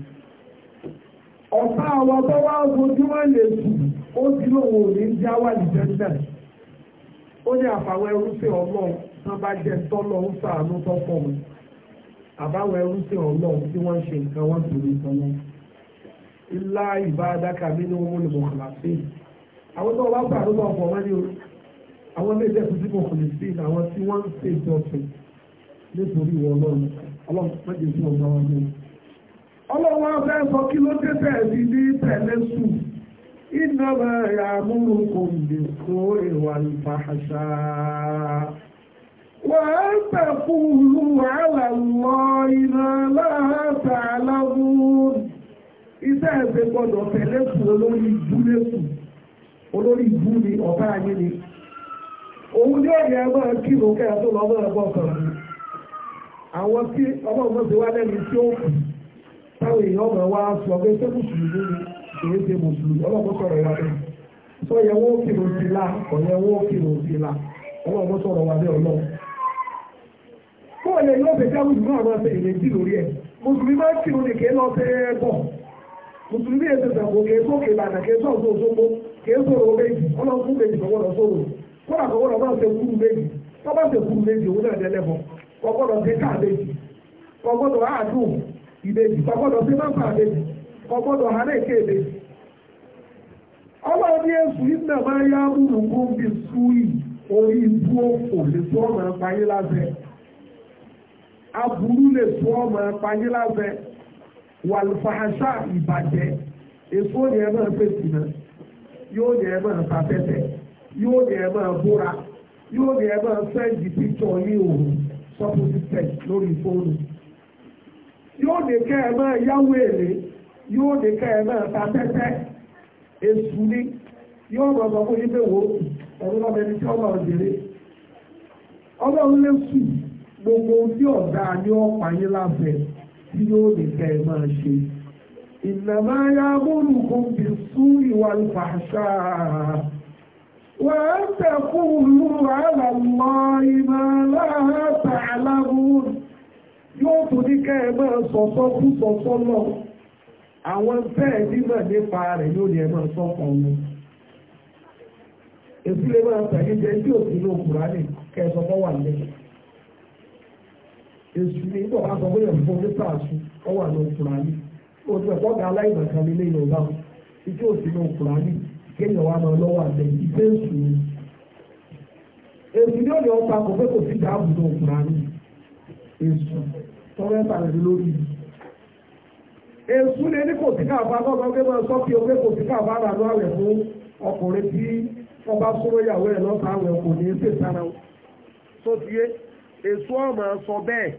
ọ̀pá àwọn ọgbọ́ wa ń fojú wọn lè sùn ó ti lóun ò ní já wà ní jẹ́ńdà ó ní àfàwọn ẹrú sí ọlọ́run tán bá jẹ tọ́lọ ń sàánú tọ́pọ̀ wọn àbáwọn ẹrú sí ọlọ́run tí wọ́n ṣe nǹkan wọn sì rí sọ wọn. ilá ìbá adákàmí ni wọ́n mú ní mọ̀kànlá sí àwọn tó wọ́n bá pàdé àwọn ilé ìjẹ́ ìfúnjú kan fòlè sí àwọn tí wọ́n ń ṣe ìjọsìn nítorí ìwọ ọlọ́run ọlọ́run méje sí ọgbà wọn ní. ọlọ́run á fẹ́ sọ kí ló dé bẹ́ẹ̀ sí ní tẹ̀lé sù iná rẹ̀ àmúrò kò lè kó ìwà ìfàṣà. wàá tẹ̀kùlù àlàlọ́ iná láàtà aláwọ̀ iṣẹ́ ẹ̀sẹ̀ gbọ́dọ̀ tẹ̀lé sù olórí ìbú lẹ́sù ọ̀tá ayé ni. òun ní ọ̀yẹ́ ẹgbẹ́ kírù kẹ́yà tó lọ́wọ́ ẹgbọ́ sọ̀rọ̀ àwọn tí ọmọ ọmọ ti wá lẹ́nu tí ó kù táwọn èèyàn ọmọ wa sọ pé ṣé mùsùlùmí ni ṣe mùsùlùmí sọ̀rọ̀ sọ yẹ wọ́n la wọ́n la sọ̀rọ̀ wa ọlọ́ fún àwọn ọ̀sẹ̀ lórí ẹ̀ mùsùlùmí máa ń lọ sí ẹ̀kọ́ mùsùlùmí sókè kódà kò wọ́n lọ́gbọ́n ṣe kúrú méjì tọ́gbọ́n ṣe kúrú méjì òun náà dẹ́lẹ́bọ̀ kọ́gbọ́dọ̀ ṣe káà méjì kọ́gbọ́dọ̀ àádùn ìbejì kọ́gbọ́dọ̀ ṣe máfà méjì hànà èké méjì. máa yá bí lè tó ọmọ apáyé lásẹ̀ aburú lè tó ọmọ apáyé lásẹ̀ wàlùfàṣà èso náà yóò tẹ́tẹ́ yóò ní ẹ máa búra yóò ní ẹ máa sẹ́ǹdì píktọ̀ ní òun sọ́pọ́sítẹ̀ lórí fóònù yóò ní kẹ́ ẹ máa yáwó èlé yóò ní kẹ́ ẹ máa ta tẹ́tẹ́ èsù ní yóò máa sọ fún yín wò ó ẹ̀rọ ní tí ọmọ gbogbo ọ̀dà ni tí yóò وأن تقولوا على الله ما لا تعلمون yóò tó ní kẹ́ ẹ máa sọ̀sọ́ kú sọ̀sọ́ lọ àwọn bẹ́ẹ̀ nígbà nípa rẹ̀ yóò ní ẹ máa sọ fún ọmọ èsì lè máa tẹ̀lé jẹ tí òsì ló kùrá nì kẹ́ ẹ sọ fún wà lẹ́yìn èsì ní ìgbà wà sọ fún yẹn fún nípa àṣù ọ wà lọ kùrá nì òsì ẹ̀kọ́ kéèyàn wà máa lọ́wọ́ àlẹ́ ìfẹ́ èsù ni èsù ni ó lè ọta kò pé kò sí ìdáàbò tó òkúra ní èsù tọ́wọ́ ẹ̀ta rẹ̀ lórí èsù ni ní kò sí káàbá lọ́gbà pé máa sọ pé pé kò sí káàbá rà lọ́ àwẹ̀ fún ọkùnrin tí ọba súnmọ́ ìyàwó ẹ̀ lọ́ta àwẹ̀ kò ní í sè sára tó ti yé èsù ọ̀ máa sọ bẹ́ẹ̀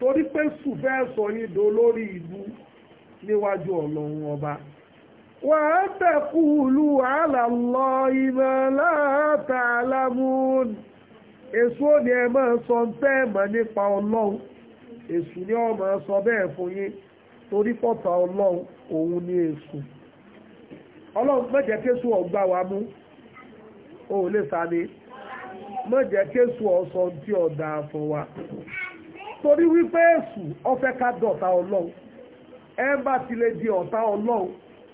torí pé sùfẹ́ sọ yín do lórí ìlú níwájú ọlọ́run ọba وتقولوا على الله ما لا تعلمون èṣù ni ẹ máa sọ bẹ́ẹ̀ mọ̀ nípa ọlọ́run èṣù ni ọ sọ bẹ́ẹ̀ fún yín torí pọ̀tà ọlọ́run òun ni èṣù ọlọ́run mẹ́jẹ̀ kéṣù ọgbà wa mú o lè sáré mẹ́jẹ̀ kéṣù ọ̀sọ̀ tí ọ̀dà fún wa torí wípé èṣù ó ká dọ̀tá ọlọ́run ẹ bá ti lè di ọ̀tá ọlọ́run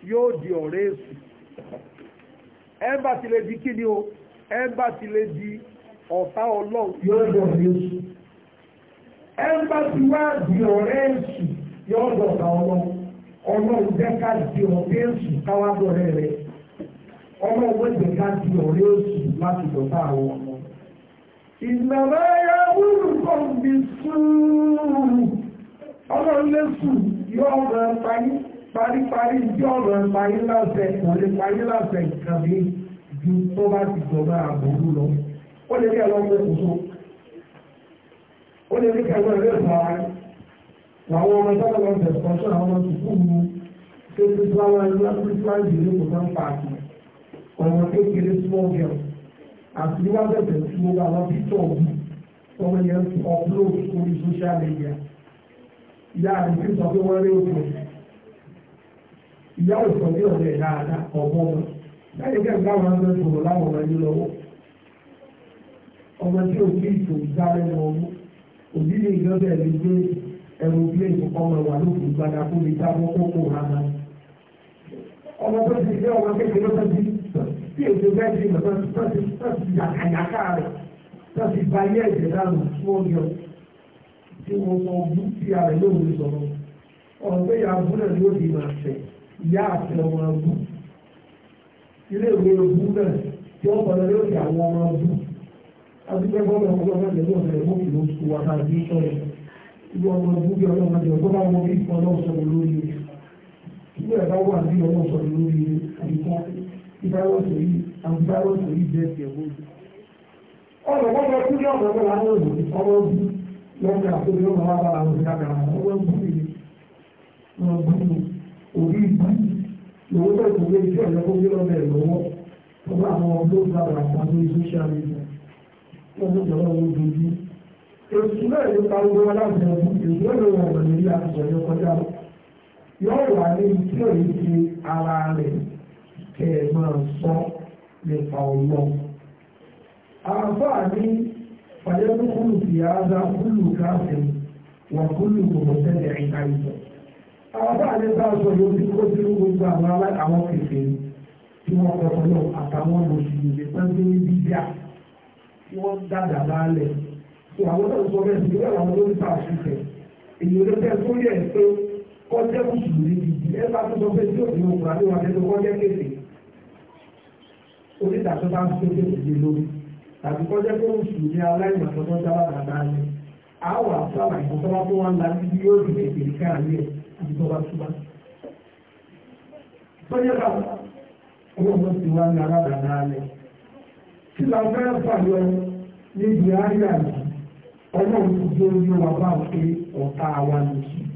yóò di ọ̀rẹ́ èṣù ẹ̀bà ti lè di kí ni o ẹ̀bà ti lè di ọ̀tá ọlọ́run yóò di ọ̀rẹ́ èṣù ẹ̀bà ti wá di ọ̀rẹ́ èṣù yóò di ọ̀tá ọlọ́run ọlọ́run jẹ́ di ọ̀rẹ́ èṣù káwá dọ̀rẹ́ rẹ ọlọ́run jẹ́ ká di ọ̀rẹ́ èṣù láti dọ̀tá àwọn ọmọ. ya ẹ̀yà wúlò kọ́ bí sùúrù ọlọ́run lè sùn yóò rẹ̀ pàyín paríparí bí ọ̀rọ̀ parí láṣẹ wọ́n lè parí láṣẹ nǹkan mi ju tó bá ti jọba àbúrú lọ ó lè rí ẹ̀rọ ọmọ ìkóso ó lè rí ẹ̀rọ ẹ̀rọ ìfà àwọn ọmọ tó lọ bẹ̀ kọ́ṣọ́ àwọn ọmọ sùkúù mu ṣé pípáwá ẹ̀rọ pípáwá ìdílé kò máa ń pa àti ọmọ kékeré small girl àti wíwá bẹ̀rẹ̀ tí mo bá wọn pítọ̀ ọ̀gbìn ọmọ yẹn upload orí social media ìyá àti pítọ̀ pé wọ́n rí òkè ìyá òsàn ní ọ̀rẹ́ dáadáa ọ̀gbọ́n láyé kẹ́kẹ́ àwọn ọmọ ẹgbẹ́ sọ̀rọ̀ láwọn ọmọ ẹni lọ́wọ́ ọmọ tí òbí ìtò ìdáré wọn mú òbí ní ìjọba ẹ̀rí gbé ẹ̀rù ilé ìfọ̀kọ́mọ wà lókè ìgbàdá fún mi táwọn kókó rárá ọmọ tó ti gbé ọmọ kékeré tó ti tí èdè bẹ́ẹ̀ ti lọ́tọ́ tó ti yàkàyàkà rẹ̀ tó ti ẹ̀jẹ̀ dànù fún ọjọ́ ọ̀rọ̀ pé ìyá abúlé ló di máa fẹ̀ ìyá àti ọmọ ọdú ilé ìwé ọdún náà tí wọ́n bọ̀ lórí òkè àwọn ọmọ ọdú adúgbò ẹgbọ́n ọmọ ọmọ ẹgbẹ́ ọmọ ẹgbẹ́ òkè ló sùn wá káàkiri sọ̀rọ̀ ìlú ọmọ ọdún bí ọlọ́mọ ẹgbẹ́ ọgbọ́n àwọn ọmọ ìfọ̀ náà sọ̀rọ̀ lórí ìlú ẹ̀dá wà ní ọmọ sọ̀rọ̀ lórí àyíká ìbáwọ̀sọ̀ yìí àbúbáwọ̀sọ̀ yìí jẹ́ ti ẹ̀wọ́ ọ̀rọ̀ wọ́n lọ sí ọ̀rọ̀ ọ̀rọ̀ àwọn òbí ọmọ ọdún lọ́kẹ́ àkóbí ọmọ wa bá àwọn òbí òbí ìgbà lówó tó kò gbé iṣẹ́ ọ̀yọ́ kó gbé lọ́dọ̀ ẹ̀ lọ́wọ́ tó bá àwọn ọgbọ́n bàbà àtàwọn social media wọ́n mú jọ̀wọ́ owó dojú. èsì náà ló ta owó aláàbò ọdún èsì náà ló wọ̀ ọ̀rọ̀ nílé àtìsọ̀yọ́ kọjá yóò wà ní tí ò ní ara rẹ̀ kẹ́ ẹ̀ máa sọ nípa ọlọ́ àǹfààní fàyẹ́dúkúlù fìyà á dá kúlù wà kúlù kò mọ̀ tẹ́lẹ̀ àìsàn àwọn bá àlẹ́ bá sọ lórí kó tí ó gbogbo àwọn àwọn kèfè tí wọ́n kọ́kọ́ lọ àtàwọn mùsùlùmí tán tí ní bíbíà tí wọ́n dàgbà lálẹ́ tó àwọn náà sọ bẹ́ẹ̀ sí àwọn lórí bá àṣìṣe èyí ló bẹ́ẹ̀ tó yẹ pé kọjá mùsùlùmí gidi ẹ bá tó sọ pé tí òfin òkúra ní wàá tẹ́tọ́ kọjá kéfè onídàájọ́ bá ń tó kéfè lé lórí tàbí kọjá pé mùsùlùmí aláìmọ̀tọ́tọ́ dáwà dàgbà lẹ́ àwọn àṣà àìsàn tó ìjọba túbá. Bọ́yá bá owó mo ti wá ní aládàáda alẹ́. Kí la fẹ́ fàyọ níbi ayé àná? Ọlọ́run ti dé orí wa bá ń pé ọ̀tá wa nìyí.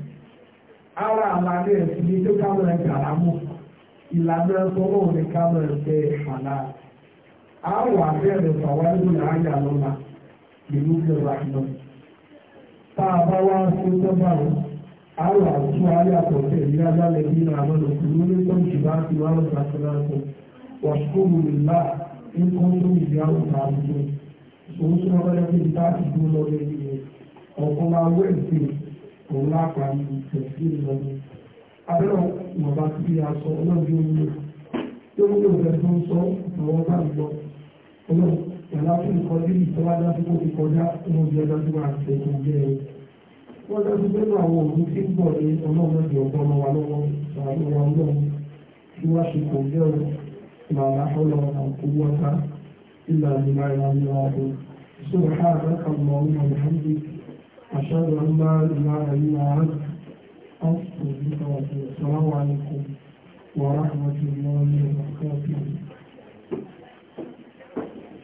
Ara àlàyé ẹ̀sìn ní tó kámẹ́rà gàrà mọ̀. Ìlànà ọlọ́run ní kámẹ́rà bẹ́ àlá. A wà bẹ́ẹ̀rẹ̀ fàwọn ẹgbẹ́ ayé àlọ́la ìlú ìlú ìlú àná. Tá a bá wá ń ṣe àwọn àti ayé àkọ́tẹ̀ ìyájá lẹ́bí náà lọ́nà kúrú ní tó ń ṣe bá ti wá lọ́nà àtúnáṣọ wàṣíkòrò lè lá nǹkan tó ń yá ọ̀tà àwùjọ òun tí wọ́n bá lẹ́bí ní láti dúró lọ lẹ́bí rẹ̀ ọ̀kan máa wé ìpè òun lápá ní ìtẹ̀sí ìlọ́ni abẹ́rẹ́ ìwọ̀nba ti fi aṣọ ọlọ́dún omi tó ń lò rẹ̀ tó ń sọ àwọn bá ń lọ wọ́n lọ sí nínú àwọn òbí tí ń bọ̀ ní ọlọ́mọdé ọgbọ́n ọmọ wa lọ́wọ́ àwọn ọmọ ọlọ́run tí wọ́n ṣe kò jẹ́ ọ̀rọ̀ màmá ọlọ́run àti wọ́ta ilà ìlà ìlà ìlà ọ̀dọ́ سبحانك اللهم وبحمدك أشهد أن لا إله إلا أنت أستغفرك وأتوب السلام عليكم ورحمة الله وبركاته